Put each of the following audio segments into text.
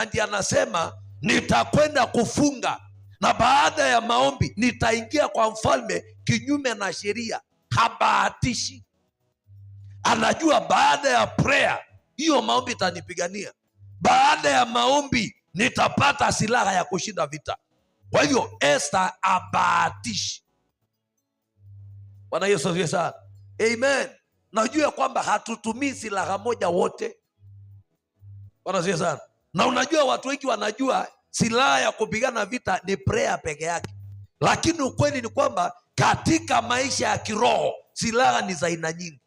Andi anasema nitakwenda kufunga na baada ya maombi nitaingia kwa mfalme kinyume na sheria. Habahatishi, anajua baada ya prayer hiyo maombi itanipigania, baada ya maombi nitapata silaha ya kushinda vita. Kwa hivyo Esther abahatishi. Bwana Yesu asifiwe sana, amen. Najua kwamba hatutumii silaha moja wote. Bwana asifiwe sana na unajua watu wengi wanajua silaha ya kupigana vita ni prayer peke yake, lakini ukweli ni kwamba katika maisha ya kiroho silaha ni za aina nyingi.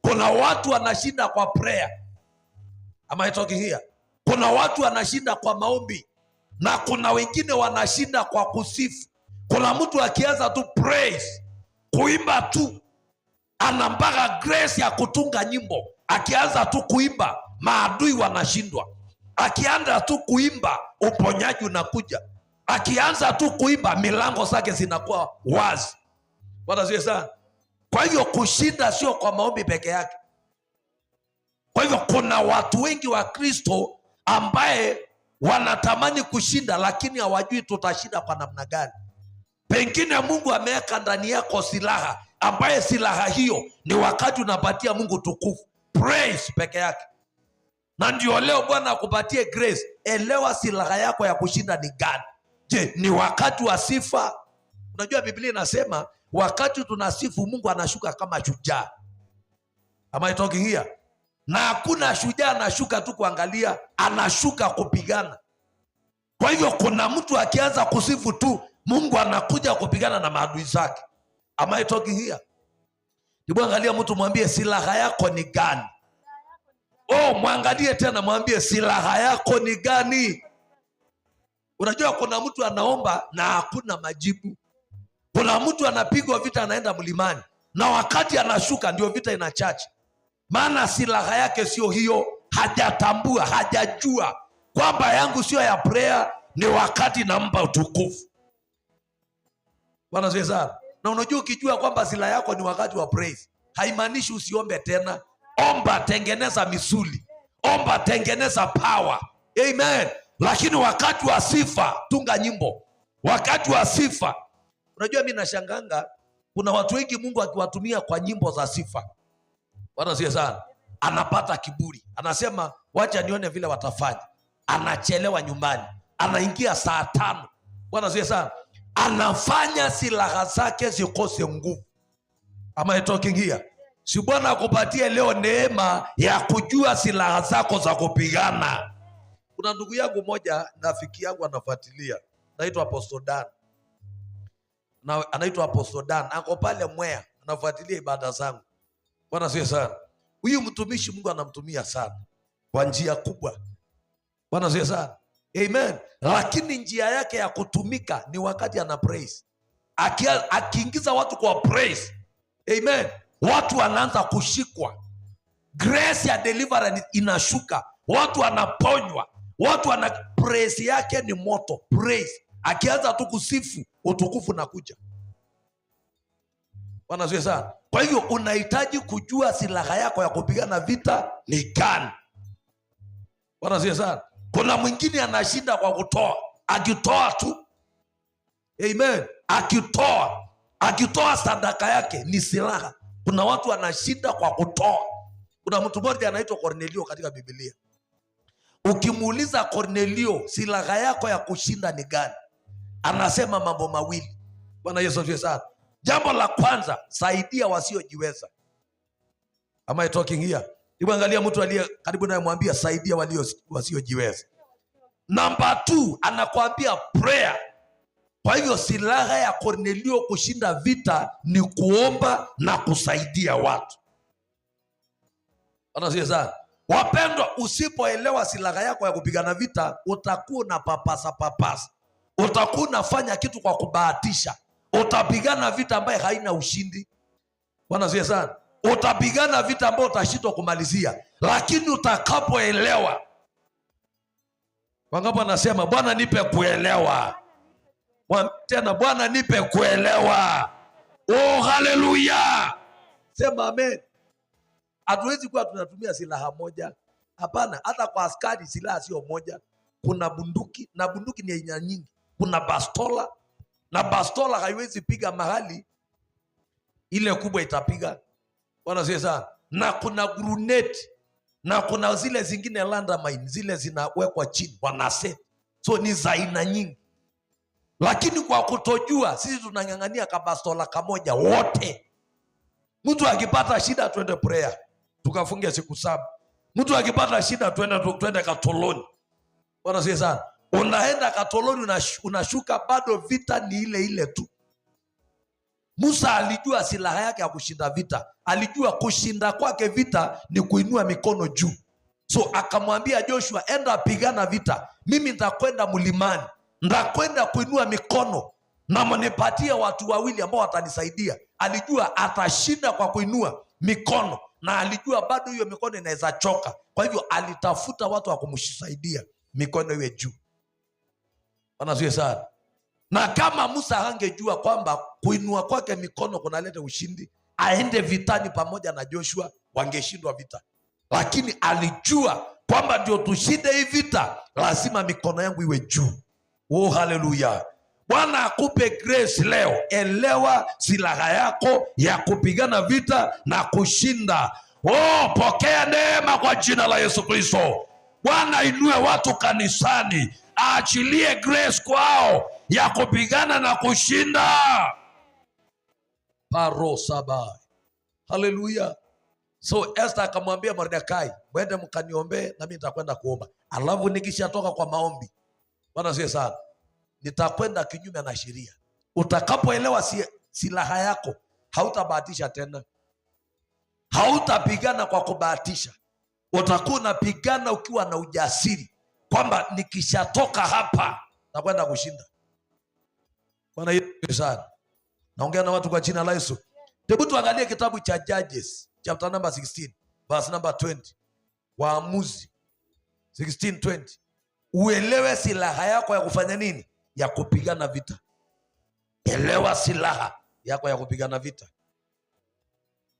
Kuna watu wanashinda kwa prayer. Am I talking here? Kuna watu wanashinda kwa maombi na kuna wengine wanashinda kwa kusifu. Kuna mtu akianza tu praise, kuimba tu, ana mpaka grace ya kutunga nyimbo. Akianza tu kuimba, maadui wanashindwa. Akianza tu kuimba uponyaji unakuja, akianza tu kuimba milango zake zinakuwa wazi. Bwana asifiwe sana. Kwa hivyo kushinda sio kwa maombi peke yake. Kwa hivyo kuna watu wengi wa Kristo ambaye wanatamani kushinda, lakini hawajui tutashinda kwa namna gani. Pengine Mungu ameweka ndani yako silaha ambaye silaha hiyo ni wakati unapatia Mungu tukufu praise peke yake na ndio leo Bwana akupatie grace. Elewa silaha yako ya kushinda ni gani? Je, ni wakati wa sifa? Unajua Biblia inasema wakati tunasifu Mungu anashuka kama shujaa. Am I talking here? Na hakuna shujaa anashuka tu kuangalia, anashuka kupigana. Kwa hivyo kuna mtu akianza kusifu tu, Mungu anakuja kupigana na maadui zake. Am I talking here? Hebu angalia mtu mwambie silaha yako ni gani? oh, mwangalie tena, mwambie silaha yako ni gani? Unajua, kuna mtu anaomba na hakuna majibu. Kuna mtu anapigwa vita, anaenda mlimani, na wakati anashuka ndio vita inachache, maana silaha yake sio hiyo. Hajatambua, hajajua kwamba yangu sio ya prayer, ni wakati nampa utukufu Bwana. Na unajua, ukijua kwamba silaha yako ni wakati wa praise, haimaanishi usiombe tena omba, tengeneza misuli, omba, tengeneza power. Amen. Lakini wakati wa sifa tunga nyimbo, wakati wa sifa. Unajua, mi nashanganga, kuna watu wengi Mungu akiwatumia kwa nyimbo za sifa, Bwana sana, anapata kiburi, anasema wacha nione vile watafanya. Anachelewa nyumbani, anaingia saa tano. Bwana sie sana, anafanya silaha zake zikose nguvu. Am I talking here? si Bwana akupatie leo neema ya kujua silaha zako za kupigana. Kuna ndugu yangu moja, rafiki yangu anafuatilia, anaitwa Apostle Dan, anaitwa Apostle Dan, ako pale Mwea, anafuatilia ibada zangu. Bwana sie sana, huyu mtumishi Mungu anamtumia sana kwa njia kubwa. Bwana sio sana, amen. Lakini njia yake ya kutumika ni wakati ana praise, akiingiza watu kwa praise, amen watu wanaanza kushikwa, grace ya deliverance inashuka, watu wanaponywa, watu wana praise yake ni moto. Praise akianza tu kusifu, utukufu nakuja wanazue sana. Kwa hivyo unahitaji kujua silaha yako ya kupigana vita ni gani. Wanazue sana. Kuna mwingine anashinda kwa kutoa, akitoa tu Amen. Akitoa akitoa sadaka yake ni silaha. Kuna watu wanashinda kwa kutoa. Kuna mtu mmoja anaitwa cornelio katika Biblia. Ukimuuliza cornelio silaha yako ya kushinda ni gani? Anasema mambo mawili. Bwana Yesu asifiwe sana. Jambo la kwanza, saidia wasiojiweza. Am I talking here? mtu aliye karibu naye, saidia walio wasiojiweza. Namba 2 anakuambia prayer kwa hivyo silaha ya Kornelio kushinda vita ni kuomba na kusaidia watu. Anasikia wapendwa, usipoelewa silaha yako ya kupigana vita utakuwa na papasa papasa, utakuwa unafanya kitu kwa kubahatisha, utapigana vita ambaye haina ushindi. Wanasikia sana, utapigana vita ambayo utashindwa kumalizia, lakini utakapoelewa. Wangapo anasema Bwana nipe kuelewa tena Bwana nipe kuelewa. Oh, haleluya! Sema amen. Hatuwezi kuwa tunatumia silaha moja, hapana. Hata kwa askari silaha sio moja, kuna bunduki na bunduki ni aina nyingi, kuna bastola na bastola haiwezi piga mahali ile kubwa itapiga. Bwana sie sana, na kuna gruneti na kuna zile zingine landamine zile zinawekwa chini wanaseti, so ni za aina nyingi lakini kwa kutojua sisi tunang'ang'ania kabastola kamoja wote. Mtu akipata shida twende prayer tukafunge siku saba. Mtu akipata shida twende twende katoloni. bana sie sana, unaenda katoloni unashuka, bado vita ni ile ile tu. Musa alijua silaha yake ya kushinda vita, alijua kushinda kwake vita ni kuinua mikono juu. So akamwambia Joshua, enda pigana vita, mimi nitakwenda mlimani ndakwenda kuinua mikono na mnipatie watu wawili ambao watanisaidia. Alijua atashinda kwa kuinua mikono na alijua bado hiyo mikono inaweza choka, kwa hivyo alitafuta watu wa kumsaidia mikono iwe juu. Wanazue sana. Na kama Musa angejua kwamba kuinua kwake mikono kunaleta ushindi, aende vitani pamoja na Joshua, wangeshindwa vita, lakini alijua kwamba ndio tushinde hii vita, lazima mikono yangu iwe juu. Oh, haleluya! Bwana akupe grace leo. Elewa silaha yako ya kupigana vita na kushinda. Oh, pokea neema kwa jina la Yesu Kristo. Bwana inue watu kanisani, aachilie grace kwao ya kupigana na kushinda. paro saba. Haleluya! So Esther akamwambia Mordekai, mwende mkaniombee, nami nitakwenda kuomba, alafu nikishatoka kwa maombi Bwana sie sana, nitakwenda kinyume na sheria. Utakapoelewa silaha yako, hautabahatisha tena, hautapigana kwa kubahatisha. Utakuwa unapigana ukiwa na ujasiri kwamba nikishatoka hapa nakwenda kushinda. Bwana yeye sana, naongea na watu kwa jina la Yesu. Hebu tuangalie kitabu cha Judges chapter number 16 verse number 20, Waamuzi 16:20 uelewe silaha yako ya kufanya nini, ya kupigana vita. Elewa silaha yako ya kupigana vita.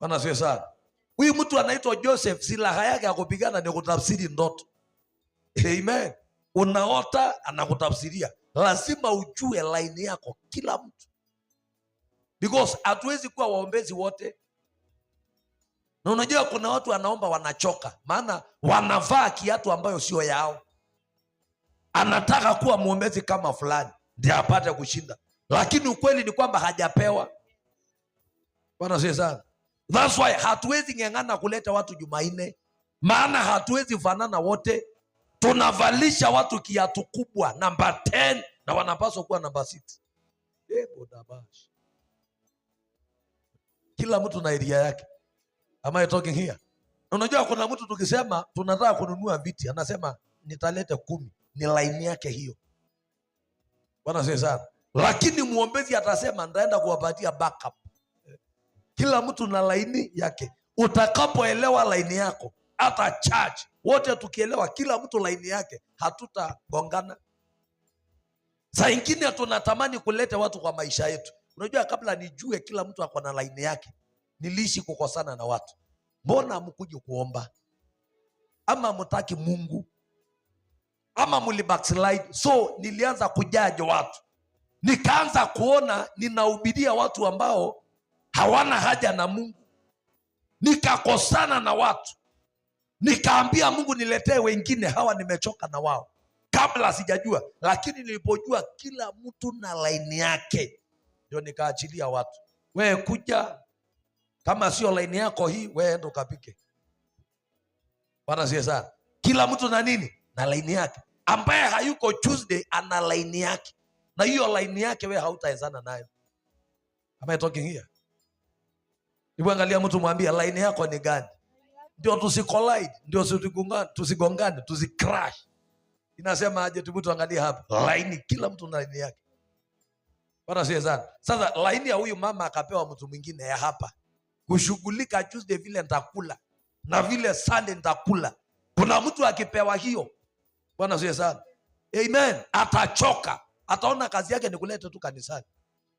bana sio sana. Huyu mtu anaitwa Joseph, silaha yake ya kupigana ni kutafsiri ndoto. Amen. Unaota anakutafsiria, lazima ujue laini yako, kila mtu, because hatuwezi kuwa waombezi wote. Na unajua kuna watu wanaomba wanachoka, maana wanavaa kiatu ambayo sio yao anataka kuwa mwombezi kama fulani ndio apate kushinda, lakini ukweli ni kwamba hajapewa. Bwana sie sana. That's why hatuwezi ng'ang'ana kuleta watu Jumanne, maana hatuwezi fanana wote. Tunavalisha watu kiatu kubwa namba 10 na wanapaswa kuwa namba eh, 6. Kila mtu na iria yake. Am I talking here? Unajua kuna mtu tukisema tunataka kununua viti, anasema nitalete kumi ni laini yake hiyo. Bwana asifiwe sana. Lakini mwombezi atasema ntaenda kuwapatia backup. Kila mtu na laini yake. Utakapoelewa laini yako, hata charge wote tukielewa kila mtu laini yake, hatutagongana. Saa ingine tunatamani kuleta watu kwa maisha yetu. Unajua, kabla nijue kila mtu ako na laini yake, niliishi kukosana na watu. Mbona mkuji kuomba ama mtaki Mungu? ama mlibackslide. So nilianza kujaja watu, nikaanza kuona ninahubiria watu ambao hawana haja na Mungu, nikakosana na watu, nikaambia Mungu niletee wengine hawa, nimechoka na wao kabla sijajua, lakini nilipojua kila mtu na laini yake, ndio nikaachilia watu. we kuja kama sio laini yako hii, we enda ukapike. Bwana sie sana, kila mtu na nini na laini yake ambaye hayuko Tuesday ana laini yake, na hiyo laini yake wewe hautaezana nayo. Am I talking here? angalia mtu mwambia laini yako ni gani, ndio tusikolide, ndio tusigongane, tusicrash. Inasema aje? Tubu tuangalie hapa ah. laini, kila mtu na laini yake, bana sie Sasa laini ya huyu mama akapewa mtu mwingine ya hapa kushughulika Tuesday, vile ntakula na vile sande ntakula Kuna mtu akipewa hiyo Bwana asiye sana. Amen. Atachoka, ataona kazi yake ni kuleta tu kanisani,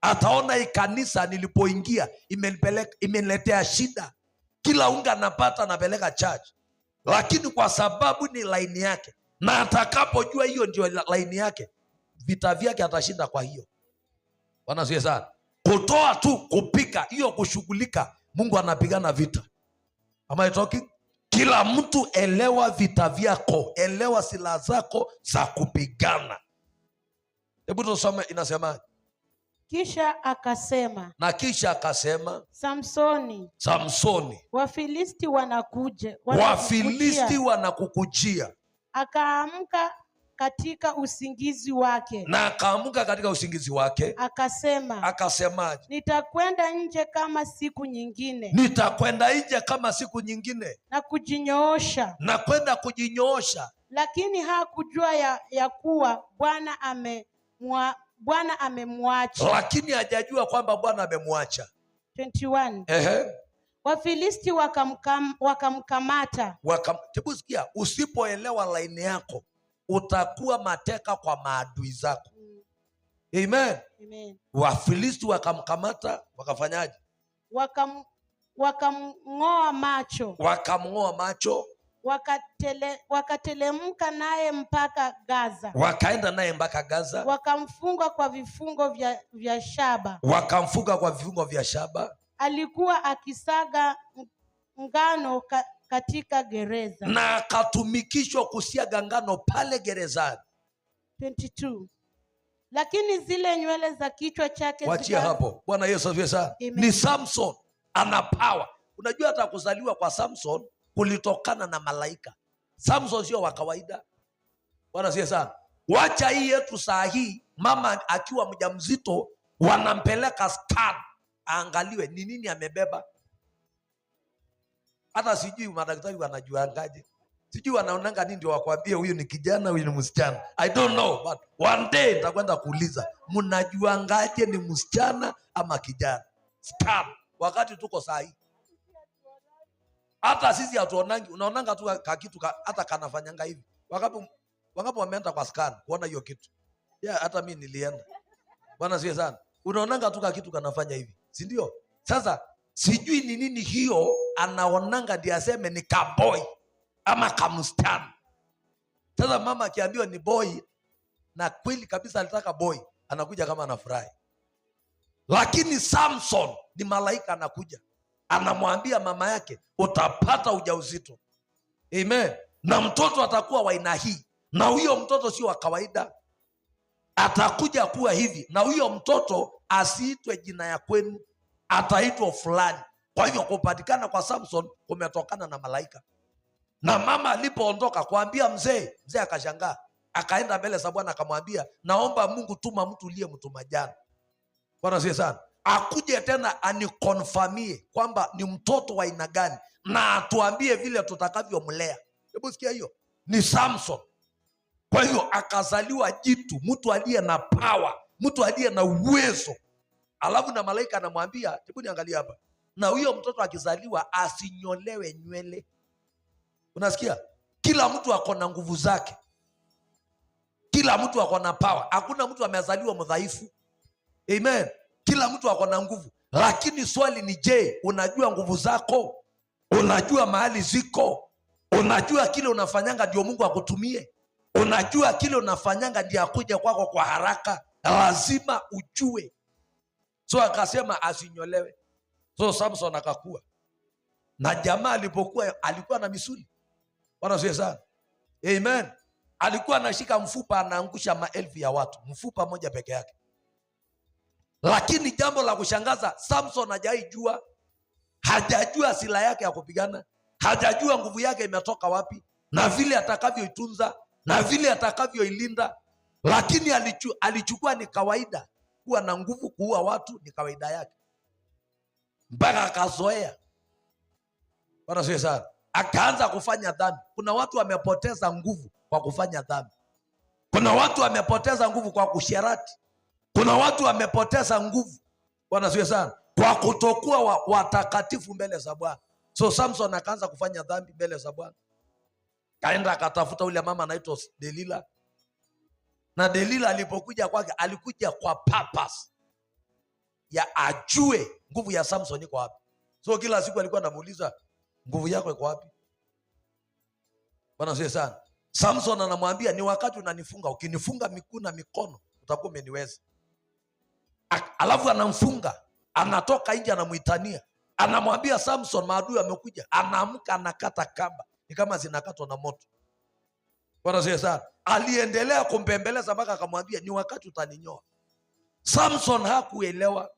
ataona hii kanisa nilipoingia imeniletea shida, kila unga napata napeleka church, lakini kwa sababu ni laini yake, na atakapojua hiyo ndio laini yake, vita vyake atashinda. Kwa hiyo Bwana asiye sana. Kutoa tu, kupika hiyo, kushughulika, Mungu anapigana vita. Am I talking? Kila mtu elewa vita vyako, elewa silaha zako za kupigana. Hebu tusome inasemaje? Kisha akasema na kisha akasema, Samsoni, Samsoni, Wafilisti wanakuja, Wafilisti wanakukujia. Akaamka katika usingizi wake na akaamka katika usingizi wake akasema akasemaje nitakwenda nje kama siku nyingine nitakwenda nje kama siku nyingine na kujinyoosha na kwenda kujinyoosha lakini hakujua ya, ya kuwa bwana ame bwana amemwacha lakini hajajua kwamba bwana amemwacha 21 Ehe. wafilisti wakamkamata wakam, waka, hebu sikia usipoelewa laini yako utakuwa mateka kwa maadui zako. Mm. Amen, amen. Wafilisti wakamkamata wakafanyaje? Wakam, wakamng'oa macho, wakamng'oa macho, wakatele, wakatelemka naye mpaka Gaza, wakaenda naye mpaka Gaza, wakamfunga kwa vifungo vya, vya shaba, wakamfunga kwa vifungo vya shaba. Alikuwa akisaga ngano katika gereza na akatumikishwa kusiaga ngano pale gerezani. 22. Lakini zile nywele za kichwa chake wachia zika... hapo. Bwana Yesu asifiwe sana. Ni Samson ana power. Unajua hata kuzaliwa kwa Samson kulitokana na malaika. Samson sio wa kawaida. Bwana asifiwe sana. Wacha hii yetu saa hii, mama akiwa mjamzito wanampeleka scan, aangaliwe ni nini amebeba hata sijui madaktari wanajuangaje, sijui wanaonanga nini ndio wakwambie huyu ni kijana, huyu ni msichana. I don't know but one day nitakwenda kuuliza, mnajuangaje ni msichana ama kijana? Stop. wakati tuko saa hii hata sisi hatuonangi, unaonanga tu kakitu ka, hata kanafanyanga hivi. Wangapi wangapi wameenda kwa scan kuona hiyo kitu? Yeah, hata mimi nilienda bwana, sie sana. Unaonanga tu kakitu kanafanya hivi, si ndio? Sasa sijui ni nini hiyo, anaonanga ndi aseme ni kaboi ama kamstan. Sasa mama akiambiwa ni boi na kweli kabisa alitaka boi anakuja kama anafurahi. Lakini Samson ni malaika, anakuja anamwambia mama yake utapata ujauzito, amen, na mtoto atakuwa waina hii, na huyo mtoto sio wa kawaida, atakuja kuwa hivi, na huyo mtoto asiitwe jina ya kwenu ataitwa fulani. Kwa hivyo kupatikana kwa Samson kumetokana na malaika. Na mama alipoondoka kuambia mzee, mzee akashangaa, akaenda mbele za Bwana akamwambia, naomba Mungu tuma mtu uliyemtuma jana. Bwana sie sana akuje tena anikonfamie kwamba ni mtoto wa aina gani na atuambie vile tutakavyomlea. Hebu sikia hiyo, ni Samson. Kwa hivyo akazaliwa jitu, mtu aliye na pawa, mtu aliye na uwezo alafu na malaika anamwambia, hebu niangalie hapa, na huyo mtoto akizaliwa asinyolewe nywele. Unasikia, kila mtu ako na nguvu zake, kila mtu ako na power. Hakuna mtu amezaliwa mdhaifu, amen. Kila mtu ako na nguvu, lakini swali ni je, unajua nguvu zako? Unajua mahali ziko? Unajua kile unafanyanga ndio Mungu akutumie? Unajua kile unafanyanga ndio akuja kwako kwa haraka? Lazima ujue so akasema asinyolewe. So Samson akakua na jamaa, alipokuwa alikuwa na misuli wanasie sana. Amen. Alikuwa anashika mfupa anaangusha maelfu ya watu, mfupa moja peke yake. Lakini jambo la kushangaza, Samson hajaijua, hajajua silaha yake ya kupigana, hajajua nguvu yake imetoka wapi na vile atakavyoitunza na vile atakavyoilinda, lakini alichu, alichukua ni kawaida kuwa na nguvu kuua watu ni kawaida yake, mpaka akazoea. bana sio sana, akaanza kufanya dhambi. Kuna watu wamepoteza nguvu kwa kufanya dhambi. Kuna watu wamepoteza nguvu kwa kusherati. Kuna watu wamepoteza nguvu, bana sio sana, kwa kutokuwa watakatifu wa mbele za Bwana. So Samson akaanza kufanya dhambi mbele za Bwana, kaenda akatafuta ule mama anaitwa Delila na Delila alipokuja kwake alikuja kwa purpose ya ajue nguvu ya Samson iko wapi. So kila siku alikuwa anamuuliza nguvu yako iko wapi? Bwana sie sana. Samson anamwambia ni wakati unanifunga, ukinifunga miguu na mikono utakuwa umeniweza. Alafu anamfunga, anatoka nje, anamuitania, anamwambia Samson, maadui amekuja. Anaamka anakata kamba, ni kama zinakatwa na moto. Bwana sie sana, aliendelea kumpembeleza mpaka akamwambia ni wakati utaninyoa. Samson hakuelewa,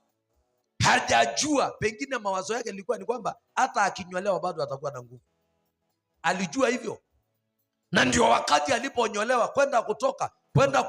hajajua, pengine mawazo yake ilikuwa ni kwamba hata akinyolewa bado atakuwa na nguvu. Alijua hivyo, na ndio wakati aliponyolewa kwenda kutoka kwenda